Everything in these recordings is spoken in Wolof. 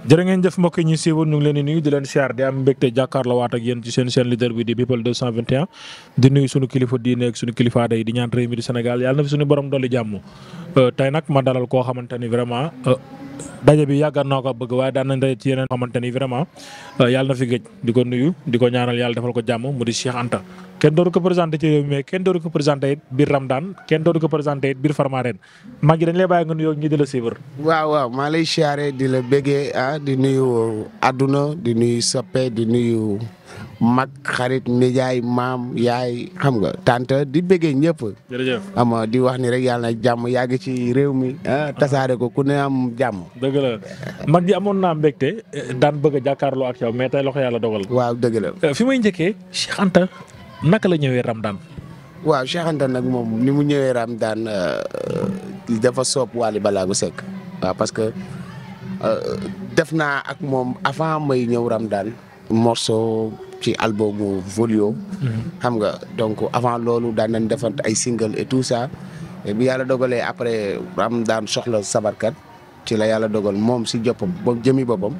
jërë ngeen jëf mbokk yi ñuy siiwal ñu ngi leen di nuyu di leen siyaar di am mbégte jàkkaarloo waat ak yéen ci seen seen leader bi di people 221 di nuyu suñu kilifa diine ak suñu kilifa day di ñaan réew mi di Sénégal yàlla na fi suñu borom dolli jàmm euh, tey nag ma dalal koo xamante ni vraiment euh, daje bi yàggan naa ko bëgg waaye daan na daje ci yeneen xamante ni vraiment euh, yàlla na fi gëj di ko nuyu di ko ñaanal yàlla defal ko jàmm mu di Cheikh Anta kenn dootu ko présenté ci réew mi mais kenn dootu ko présenté it biir Ramadan kenn dootu ko présenté it biir Farmaren maa ngi dañ lay bàyyi nga nuyoo ñi di la suivre. waaw waaw maa lay siyaare di la bëggee ah di nuyu àdduna di nuyu soppe di nuyu mag xarit nijaay maam yaay xam nga tante di bëggee ñëpp. jërëjëf ama di wax ni rek yàlla na jàmm yàgg ci réew mi ah tasaare ko ku ne am jàmm. dëgg la man ji amoon naa mbégte eh, daan bëgg a jàkkaarloo ak yow mais tey loxo yàlla dogal. waaw dëgg eh, fi may njëkkee Cheikh Anta naka la ñëwee Ramadane. waaw Cheikh Anta nag moom ni mu ñëwee Ramadane euh, dafa soob balaa Ballago Seck waaw parce que euh, def naa ak moom avant may ñëw daan morceau ci albumu Volio. Mm-hmm. xam nga donc avant loolu daan nañ defante ay single et tout ça. bi yàlla dogalee après daan soxla sabarkat ci la yàlla dogal moom si joppam ba jëmi boppam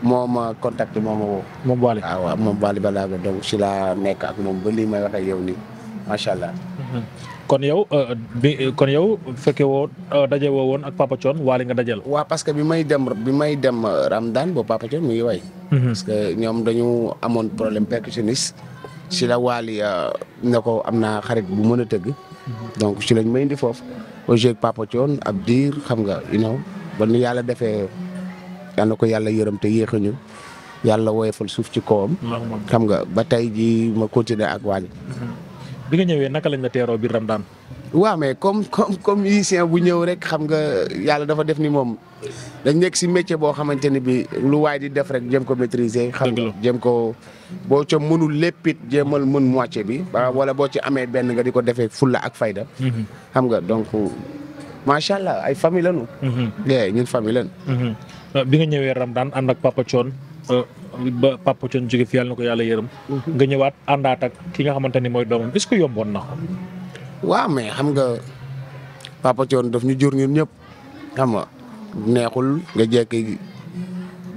moo ma contacté moo ma woo. moom Waly ah waaw moom Waly donc si laa nekk ak moom ba lii may wax yow nii macha allah. Mhm. kon yow euh, bi kon yow fekke woo euh, daje woo woon ak Papa Thione Waly nga dajal. waa parce que bi may dem bi may dem Ramadan boobu Papa Thione mu ngi way. Mhm. parce que ñoom dañu amoon problème percussionniste si la Waly euh, ne ko am naa xarit bu mën tëgg. Mhm. donc si lañ may indi foofu au jeu Papa Thione ab diir xam nga you ba ni yàlla defee. yal na ko yàlla yërëm te yéex ñu yàlla woyofal suuf ci kawam. xam nga ba tey ji ma continuer ak Wally. bi nga ñëwee naka lañ la teeroo biir Ramadane. waaw mais comme comme comme musicien bu ñëw rek xam nga yàlla dafa def ni moom dañ nekk si métier boo xamante ni bi lu waay di def rek jëm ko maîtriser. xam nga jëm ko boo ca mënul léppit jéemal mën moitié bi. wala boo ci amee benn nga di ko defee fulla ak fayda. Mhm. xam nga donc macha allah ay famille lañu. Mhm. Eh, ñun famille lañu. Mhm. Euh, bi nga ñëwee Ramadaan daan ak Papa Thione euh, ba Papa jóge fi yàlla na ko yàlla yërëm. Mhm. nga ñëwaat àndaat ki nga xamante ni mooy doomam est-ce que yomboon na ko. waaw mais xam nga Papa Thione daf ñu jur ñun ñëpp xam nga neexul nga jekki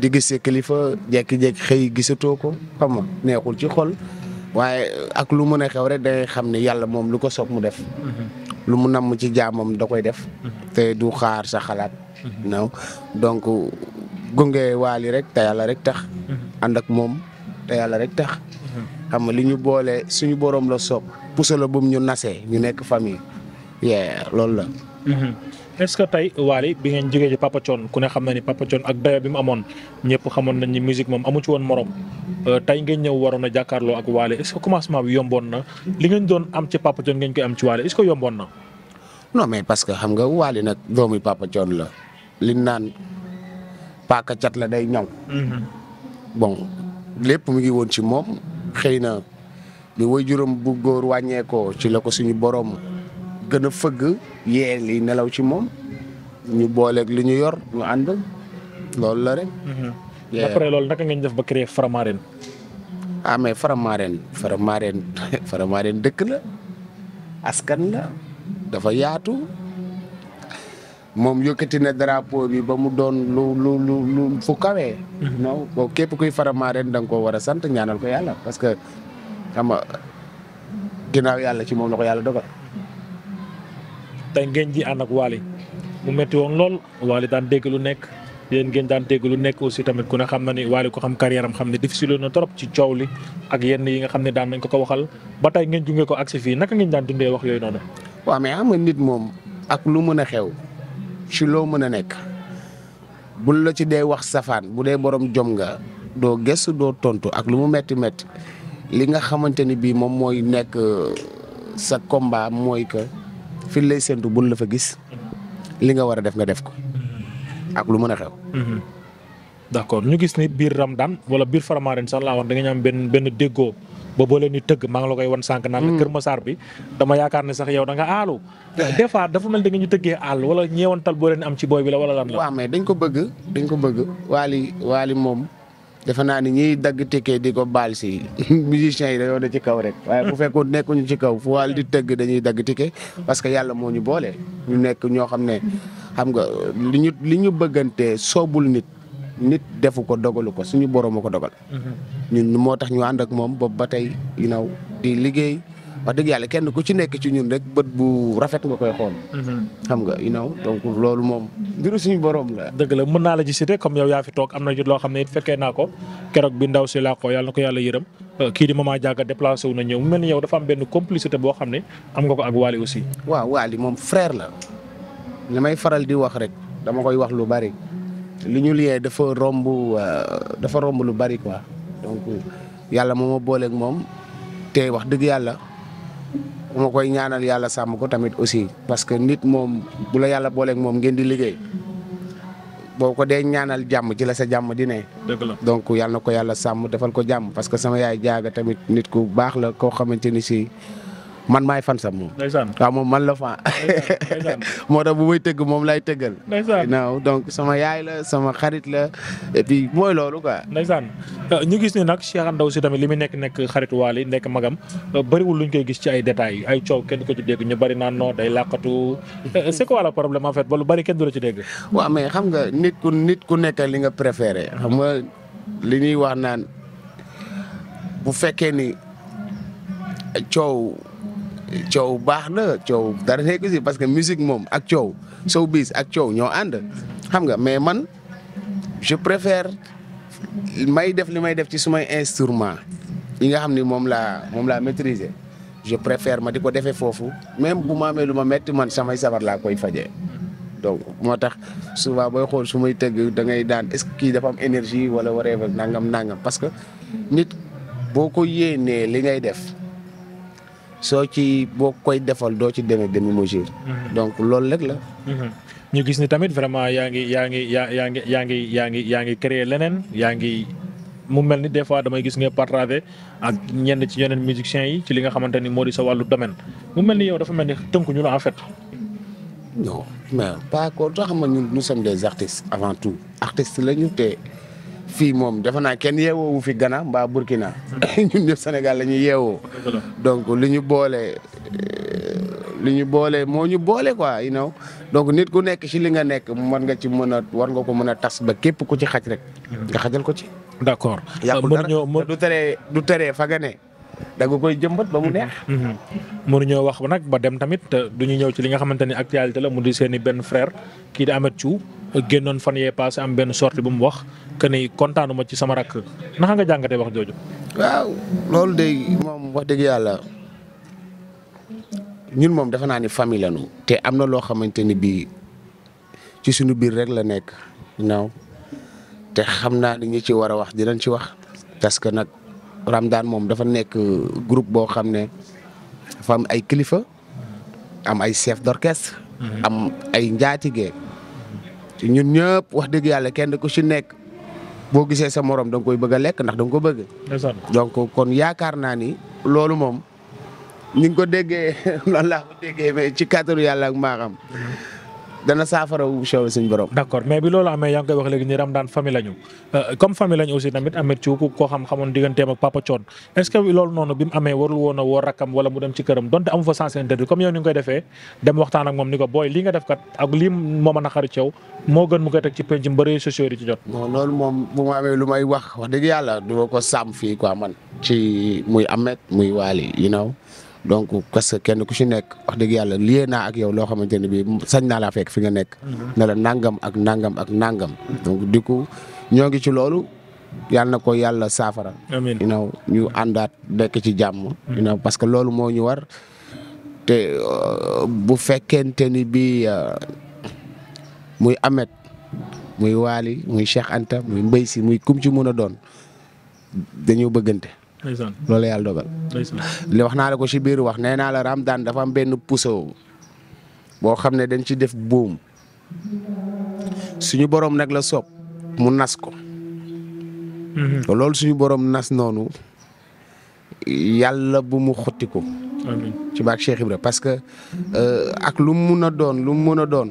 di gis sa kilifa jekki-jekki xëy gisatoo ko xam neexul ci xool waaye ak lu mën a xew rek dangay xam ne yàlla moom lu ko soog mu def. Mhm. lu mu nam mu ci jaamam da koy def. Mhm. te du xaar sa xalaat. Mhm. non donc gunge waali rek te yàlla rek tax. Mhm. ànd ak moom te yàlla rek tax. xam nga li ñu boole suñu borom la soob puso la bu ñu nasee ñu nekk famille. yee loolu la. est-ce que tey Wally bi ngeen jógee ci Papa Thione ku ne xam na ni Papa Thione ak dayo bi amoon ñëpp xamoon nañ ni musique moom amu ci woon morom euh, tey ngeen ñëw waroon a jàkkaarloo ak Wally est-ce que commencement yomboon na li ngeen doon am ci Papa Thione ngeen koy am ci Wally est-ce que yomboon na. non mais parce que xam nga Wally nag doomu Papa Thione la li naan paaka cat la day ñaw. Mm-hmm. bon lépp mu ngi woon ci moom xëy na li waajuram bu góor wàññeekoo ci la ko suñu borom. gën a fëgg yee li nelaw ci moom ñu booleeg lu ñu yor ñu ànd loolu la rek. Mhm. après loolu naka ngeen def ba créer Faramareen. ah mais Faramareen dëkk la askan la dafa yaatu moom yëkkati na drapeau yi ba mu doon lu lu lu lu fu kawee. Mhm. non boobu képp kuy Faramareen da nga koo war a sant ñaanal ko yàlla parce que xam nga yàlla ci moom la ko yàlla dogal. tey ngeen ji ànd ak Wally mu métti woon lool Wally daan dégg lu nekk yéen ngeen daan dégg lu nekk aussi tamit ku ne xam na ni Wally ko xam carrière am xam ne difficile na trop ci coow li ak yenn yi nga xam ne daan nañ ko ko waxal ba tey ngeen jungee ko agsi fii naka ngeen daan dundee wax yooyu noonu. waaw mais xam nga nit moom ak lu mën a xew ci loo mën a nekk buñ la ci dee wax safaan bu dee borom jom nga doo gëstu doo tontu ak lu mu metti métti li nga xamante ni bii moom mooy nekk euh, sa combat mooy que. fi lay séntu bul la fa gis li nga war a def nga def ko ak lu mën a xew. Mhm. d'accord ñu gis ni biir Ramadan wala biir Faramaren sax laa wax da nga ñam benn benn déggoo ba boo leen di tëgg maa ngi la koy won sànq. naan la mhm. Kër Masar bi dama yaakaar ne sax yow da nga aalu. des fois dafa mel da ñu tëggee aal wala ñeewantal boo leen am ci booy bi la wala lan la. waaw mais dañ ko bëgg dañ ko bëgg waali waali moom. defe naa ni ñiy dagg ticket di ko baal si musiciens yi dañoo ne ci kaw rek waaye bu fekkoon nekkuñu ci kaw fu waal di tëgg dañuy dagg ticket parce que yàlla moo ñu boolee ñu nekk ñoo xam ne xam nga li ñu li ñu bëggante soobul nit nit defu ko dogalu ko suñu borom a ko dogal. Mhm. moo tax ñu ànd ak moom boobu ba tey you know di liggéey. wax dëgg yàlla kenn ku ci nekk ci ñun rek bët bu rafet nga koy xool. Mhm. xam nga you know loolu moom mbiru suñu borom la. dëgg la mën naa la ci cité comme yow yaa fi toog am na ci loo xam ne it fekkee ko keroog bi ndaw si laa ko yàlla ko yàlla yërëm euh, kii di maman Diaga déplacé wu na ñëw mu mel ni yow dafa am benn complicité boo xam ne am nga ko ak Wally aussi. waaw Wally moom frère la li may faral di wax rek dama koy wax lu bari li ñu liyee dafa romb euh, romb lu bari quoi donc yàlla moo ma booleeg moom te wax dëgg yàlla. ma koy ñaanal yàlla sàmm ko tamit aussi parce que nit moom bu la yàlla booleek moom ngeen di liggéey boo ko dee ñaanal jàmm ci la sa jàmm di ne. dëgg donc yàlla na ko yàlla sàmm defal ko jàmm parce que sama yaay jaaga tamit nit ku baax la koo xamante ni si. man maay fan sax moom. ndeysaan waaw moom man la fan. moo tax bu may tëgg moom laay tëggal. ndeysaan donc sama yaay la sama xarit la et puis mooy loolu quoi. ndeysaan euh, ñu gis ne nag Cheikh Ndaw si tamit li mu nekk nekk xarit Wally nekk magam euh, bëriwul luñ koy gis ci ay détails ay coow kenn ko ci dégg ñu bëri naan non day làqatu euh, c'est quoi problème en fait ba lu bari kenn du la ci dégg. waaw mais xam nga nit ku nit ku nekk li nga préféré xam nga li ñuy wax naan bu fekkee ni coow. coow baax na coow dara nekk si parce que musique moom ak coow biis ak coow ñoo ànd xam nga mais man je préfère may def li may def ci sumay instrument yi nga xam ni moom laa moom laa maîtriser je préfère ma di ko defee foofu même bu ma amee lu ma métti man samay sabar laa koy faje donc moo tax souvent booy xool su may tëgg da ngay daan est-ce kii dafa am énergie wala whatever nangam nangam parce que nit boo ko nee li ngay def. soo ci boo koy defal doo ci demee demi mesure mhm. donc loolu rek la mhm. ñu gis ni tamit vraiment yaa ngi yaa ngi yaa yaa ngi yaa ngi yaa ngi yaa ngi créer leneen yaa ngi mu mel ni des damay gis nga partagé ak ñenn ci yeneen musiciens yi ci li nga xamante ni moo di sa wàllu domaine mu mel ni yow dafa mel ni tënkuñu la en fait. non mais pas que tax ma ñun nous sommes des artistes avant tout artistes lañu te. fii moom defe naa kenn yeewoowu fi Ghana mbaa Burkina ñun ñëpp Sénégal la ñuy yeewoo donc lu ñu boole li ñu boole moo ñu boole ko you know donc nit ku nekk ci li nga nekk war nga ci mën a war nga ko mën a tas ba képp ku ci xaj rek nga xajal ko ci d'accord yàqul dara du teree du teree fa nga ne da nga koy jëmbat ba mu mhm. neex. mënuñoo mhm. wax ba nag ba dem tamit du ñu ñëw ci li nga xamante ni actualité la mu di seen i benn frère kii di Ameth ciw génnoon fan yee passé am benn sortie bu mu wax que ni kontaanuma ci sama rakk naka nga jàngatee wax jooju. waaw loolu de moom wax dëgg yàlla ñun moom dafa naa ni famille lañu te am na loo xamante ni bii ci sunu biir rek la nekk naaw te xam naa ni ñi ci war a wax dinañ ci wax parce que nag daan moom dafa nekk groupe boo xam ne dafa am ay kilifa am ay chef d'orchestre mhm. am ay njaatige te ñun ñëpp wax dëgg yàlla kenn ku ci nekk boo gisee sa morom da nga koy bëgg a lekk ndax da ko bëgg. donc kon yaakaar naa ni loolu moom ñu ngi ko déggee lan laa ko déggee mais ci kàttalu yàlla ak maaxam dana saafara wu soobee suñu borom. d' accord mais bi loolu amee yaa ngi koy wax léegi ni Ramadane famille lañu euh, comme famille lañu aussi tamit Ameth Thiou koo xam xamoon digganteem ak papa Thione est ce que loolu noonu bi mu amee warul woon a woo rakkam wala mu dem ci këram donte amu fa sens interdit comme yow ni nga koy defee dem waxtaan moom ni ko booy lii nga def kat ak lii moo a xaru cew moo gën mu koy teg ci penc ba réseaux sociaux yi ci jot. ko sàmm fii quoi man ci muy Ameth muy Waly you donc parce que kenn ku ci nekk wax dëgg yàlla lié naa ak yow loo xamante ne bii sañ naa laa fekk fi nga nekk. Mhm. ne nangam ak nangam ak nangam. donc di ñoo ngi ci loolu yàlla na ko yàlla saafara. amiin ñu àndaat nekk ci jàmm. you parce que loolu moo ñu war te euh, bu fekkente ni bii euh, muy Ameth muy Waly muy Cheikh Anta muy Mbaye si muy kum ci mun a doon dañoo bëggante. loolu yàlla dogal. li wax naa la ko ci biir wax nee naa la Ramadaan dafa am benn puso boo xam ne dañ ci def buum suñu borom nag la soob mu nas ko. Mhm. loolu suñu borom nas noonu yàlla bu mu xotti ko. ci baat Cheikh parce que euh, ak lu mu mun a doon lu mu mun a doon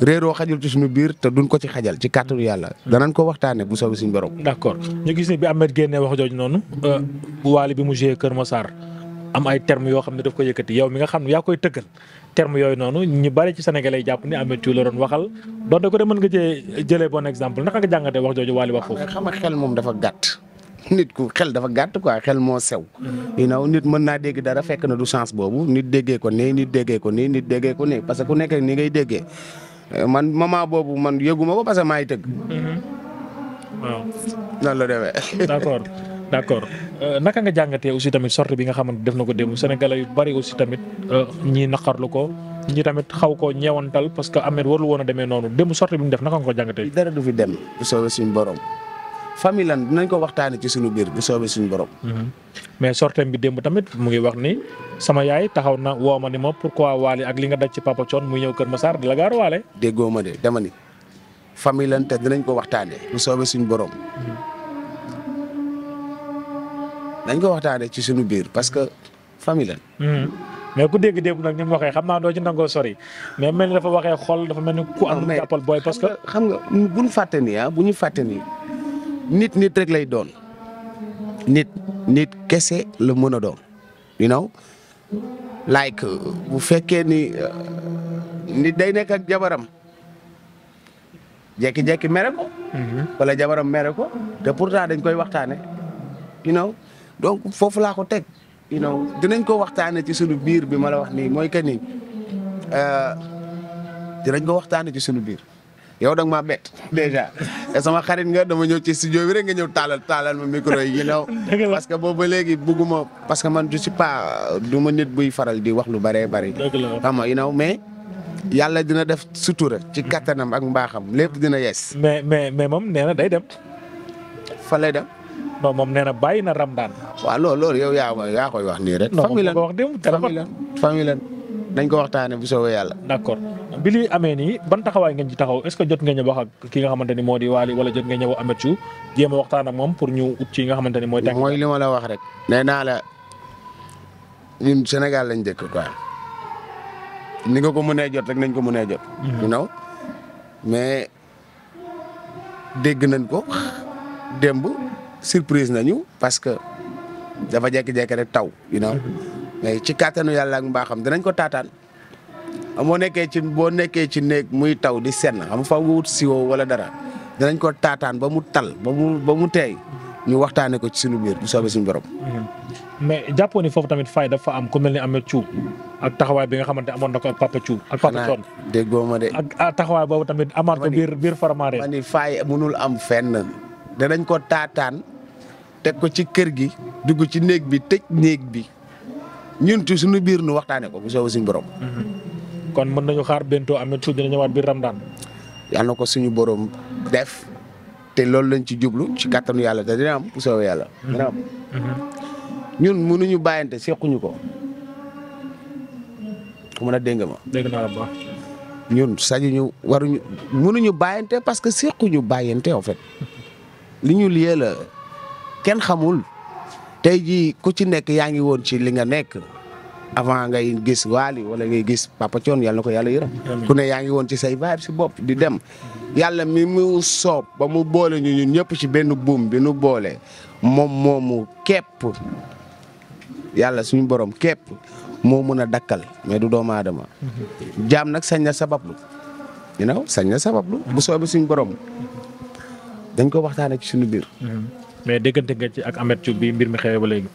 réeroo xajul ci suñu biir te duñ ko ci xajal ci kàttanu yàlla. danañ ko waxtaanee bu soobee suñu borom. d' accord ñu gis ni bi Ahmed génnee wax jooju noonu. Euh, bu bi mu joué Kër Massar am ay termes yoo xam ne daf ko yëkkati yow mi nga xam ne yaa koy tëggal terme yooyu noonu ñu bari ci Sénégal lay jàpp ni Ameth Thiou la doon waxal donte ko de mën nga cee jëlee bon exemple naka nga jàngatee wax jooju waale wax foofu. xam nga xel moom dafa gàtt. nit ku xel dafa gàtt quoi xel moo sew. you nit mën naa dégg dara fekk na du chance boobu nit déggee ko nii nit déggee ko nii nit déggee parce que ku nekk ni ngay déggee man moment boobu man yëguma ko parce que maay tëgg. Mm-hmm. waaw. noonu la demee. d'accord d'accord euh, naka nga jàngatee aussi tamit sortie bi nga def na ko démb Sénégalais yu bari aussi tamit euh, ñii naqarlu ko ñi tamit xaw ko ñeewantal parce que Ameth warul woon a demee noonu démb sortie bi mu def naka nga ko jàngatee. dara du fi dem. bu soobee suñu famille lan dinañ ko waxtaanee ci suñu biir bu soobee suñu borom. Mhm. mais sortem bi démb tamit mu ngi wax ni sama yaay taxaw na woo ma ni ma pourquoi waale ak li nga daj ci papa Thione muy ñëw Kër Massar di la gaar waale. déggoo ma de dama ni famille lan te dinañ ko waxtaanee bu soobee suñu borom. dañ mhm. ko waxtaanee ci suñu biir parce que famille lan. Mhm. mais ku dégg dégg nag ni mu waxee xam naa doo ci nangoo sori mais mel ni dafa waxee xol dafa mel ni ku am jàppal booy que xam nga buñ ñu fàtte ah, nit nit rek lay doon nit nit kese la mën a doon you know like uh, bu fekkee ni uh, nit day nekk ak jabaram jekki-jekki mere mhm. wala jabaram mere ko te pourtant dañ koy waxtaane you know donc foofu laa ko teg you know dinañ ko waxtaane ci sunu biir bi mala wax nii mooy que ni uh, dinañ ko waxtaane ci sunu biir yow da nga maa bett déjà te sama xarit nga dama ñëw ci si bi rek nga ñëw taalal taalal ma micro yi ginnaaw parce que boobu ba léegi bugguma parce que man je si pas du ma nit buy faral di wax lu bëree bëri xam nga ginnaaw mais yàlla dina def sutura ci kattanam ak mbaaxam lépp dina yes mais mais mais moom nee na day dem fale lay dem non moom nee na bàyyi na ram waaw loolu loolu yow yaa yaa koy wax nii rek famille lan dañ ko waxtaanee bu soobee yàlla. d'accord bi amee nii ban taxawaay ngeen ci taxaw est-ce que jot ngeen a wax ak ki nga xamante ni moo di Waly wala jot ngeen ñëw Ameth Thiou a waxtaan ak moom pour ñu ut ci nga xamante ni mooy. mooy li ma la wax rek. nee naa la ñun Sénégal lañ dëkk quoi ni nga ko mënee jot rek nañ ko mënee jot. Mm-hmm. you know mais dégg nañ ko démb surprise nañu parce que dafa jékki-jékki rek taw you mm-hmm. mais ci kàttanu yàlla ak mbaaxam dinañ ko taataan moo nekkee boo nekkee ci néeg muy taw di senn xam fa nga wut siwo wala dara dinañ ko taataan ba mu tal ba mu ba mu teey ñu waxtaanee ko ci suñu biir bu soobee suñu borom. Mhm. mais jàppoo ni foofu tamit fay dafa am ku mel ni Ameth Thiou ak taxawaay bi nga xamante amoon na ko ak Papa Thiou déggoo ma de. ak ah, taxawaay boobu tamit amaat ko biir biir faramaare. ma ni mënul am fenn danañ ko taataan teg ko ci kër gi dugg ci néeg bi tëj néeg bi. ñun ci suñu biir nu waxtaanee ko bu soobee suñu borom. kon mën nañu xaar bento am na dina ñëwaat biir Ramadan. yàlla na ko suñu borom def te loolu lañ ci jublu ci kattanu yàlla da dina am bu soobee yàlla. dina am ñun mënuñu bàyyante sequñu ko ku mën a dégg ma. dégg naa la baax. ñun sañuñu waruñu parce que sequñu bàyyante en fait li ñu liyee kenn xamul. tey jii ku ci nekk yaa ngi woon ci li nga nekk avant ngay gis Wally wala ngay gis Papa Thione yàlla na ko yàlla yërëm ku ne yaa ngi woon ci say vibe si bopp di dem yàlla mi mu soob ba mu boole ñu ñun ñëpp ci benn buum bi boole moom moomu képp yàlla suñu borom kepp moo mën a dakkal mais du doomu aadama jaam nag sañ na sabablu you know sañ na sabablu bu soobee suñ borom dañ ko waxtaanee ci suñu biir mais déggante nga ci ak Ameth Thiou bi mbir mi xewee ba léegi.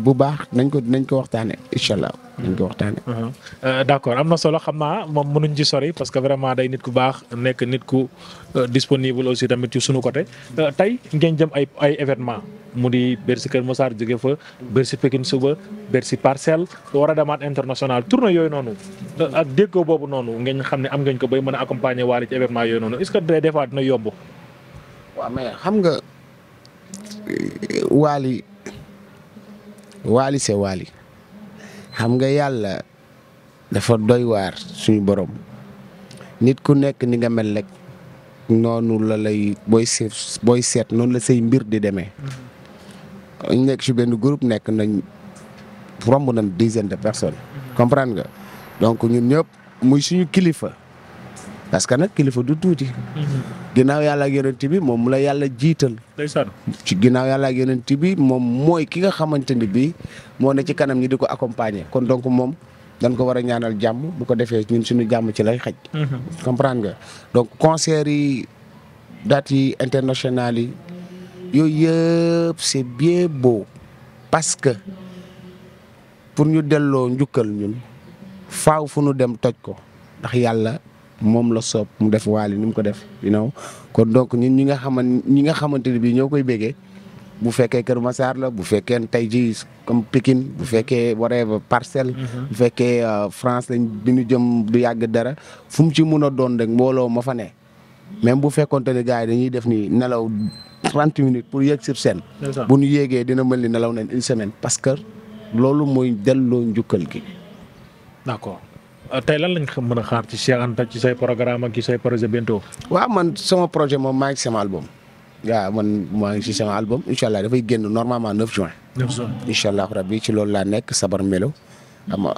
bu baax nañ ko nañ ko waxtaanee allah. nañ ko waxtaanee. Uh-huh. Euh, am na solo xam naa moom mënuñ ci sori parce que vraiment day nit ku baax nekk nit ku euh, disponible aussi tamit ci suñu côté. Euh, tey ngeen jëm ay ay événement mu di Bercy Kër Massar jóge fa Bercy Pikine suba Bercy Parcelles war a demaat international tournée yooyu noonu. ak déggoo boobu noonu ngeen xam ne am ngeen ko bay mën a accompagner waale ci événement yooyu noonu est ce waali waali se waali xam nga yàlla dafa doy waar suñu borom nit ku nekk ni nga mel rek noonu la lay booy seet booy seet noonu la say mbir di demee. ñu nekk ci benn groupe nekk nañ romb na dizaine de personnes. comprendre nga donc ñun ñëpp muy suñu kilifa. parce que nag kilifa du tuuti. Mhm. ginnaaw yàlla ak yonent bi moom la yàlla jiital. ci ginnaaw yàlla ak yonent bi moom mooy ki nga xamante ni bii moo ne ci kanam ñi di ko accompagner kon donc moom dañ ko war a ñaanal jàmm bu ko defee ñun suñu jàmm ci lay xaj. Mhm. comprendre nga donc concert yi dates yi internationales yi yooyu yëpp c'est bien beau parce que pour ñu delloo njukkal ñun faaw fu nu dem toj ko ndax yàlla. moom la soob mu def waali ni mu ko def you know kon donc ñun ñi nga xaman ñi nga xamante ne bii ñoo koy béggee bu fekkee Kër Massar la bu fekkee tey jii comme Pikine bu fekkee whatever parcelle. Mhm. bu fekkee euh, France lañ bi ñu jëm bu yàgg dara fu mu ci mun a doon rek mbooloo ma fa ne même bu fekkonte ne gars dañuy def nii nelaw trente minutes pour yéeg sur scène. bu ñu yéegee dina mel ni nelaw na une semaine parce que loolu mooy delloo njukkal gi. d'accord. Euh, tey lan lañ mën a xaar ci Cheikh Anta ci say programme ak ci say projet bientôt. waaw man sama projet moom maa ngi sama album. waaw man maa ngi si sama album incha allah dafay génn normalement 9 juin. 9 juin incha allah rabbi ci loolu laa nekk Sabar Melo. ama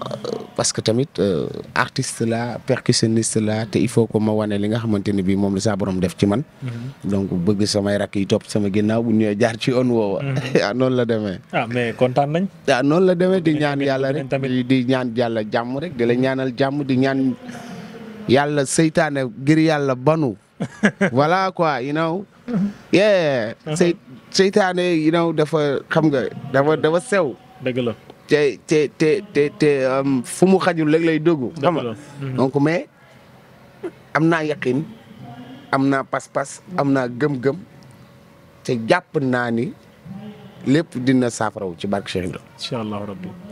parce que tamit euh, artiste la percussionniste la te il faut que ma wane li nga xamante ne moom la saa borom def ci man. Mm-hmm. donc bëgg samay rakk yi topp sama ginnaaw bu ñëwee jaar ci yoon woowa. Mm-hmm. ah noonu la demee. Ah, mais kontaan nañ. Ah, noonu la demee di ñaan yàlla rek di ñaan yàlla jàmm rek di mm-hmm. ñaanal jàmm di ñaan yàlla seytaane ngir yàlla banu. voilà quoi you know. yeah. seytaane you dafa xam nga dafa dafa sew. te te te te fu mu xaju léeg lay dugg. xam mhm. mais am naa yaqin am naa pas-pas am naa gëm-gëm te jàpp naa ni lépp dina saafaraw ci barke Cheikh Ibrahima. incha